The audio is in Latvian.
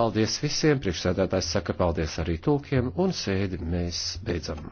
Paldies visiem, priekšsēdētājs saka paldies arī tulkiem, un sēdi mēs beidzam.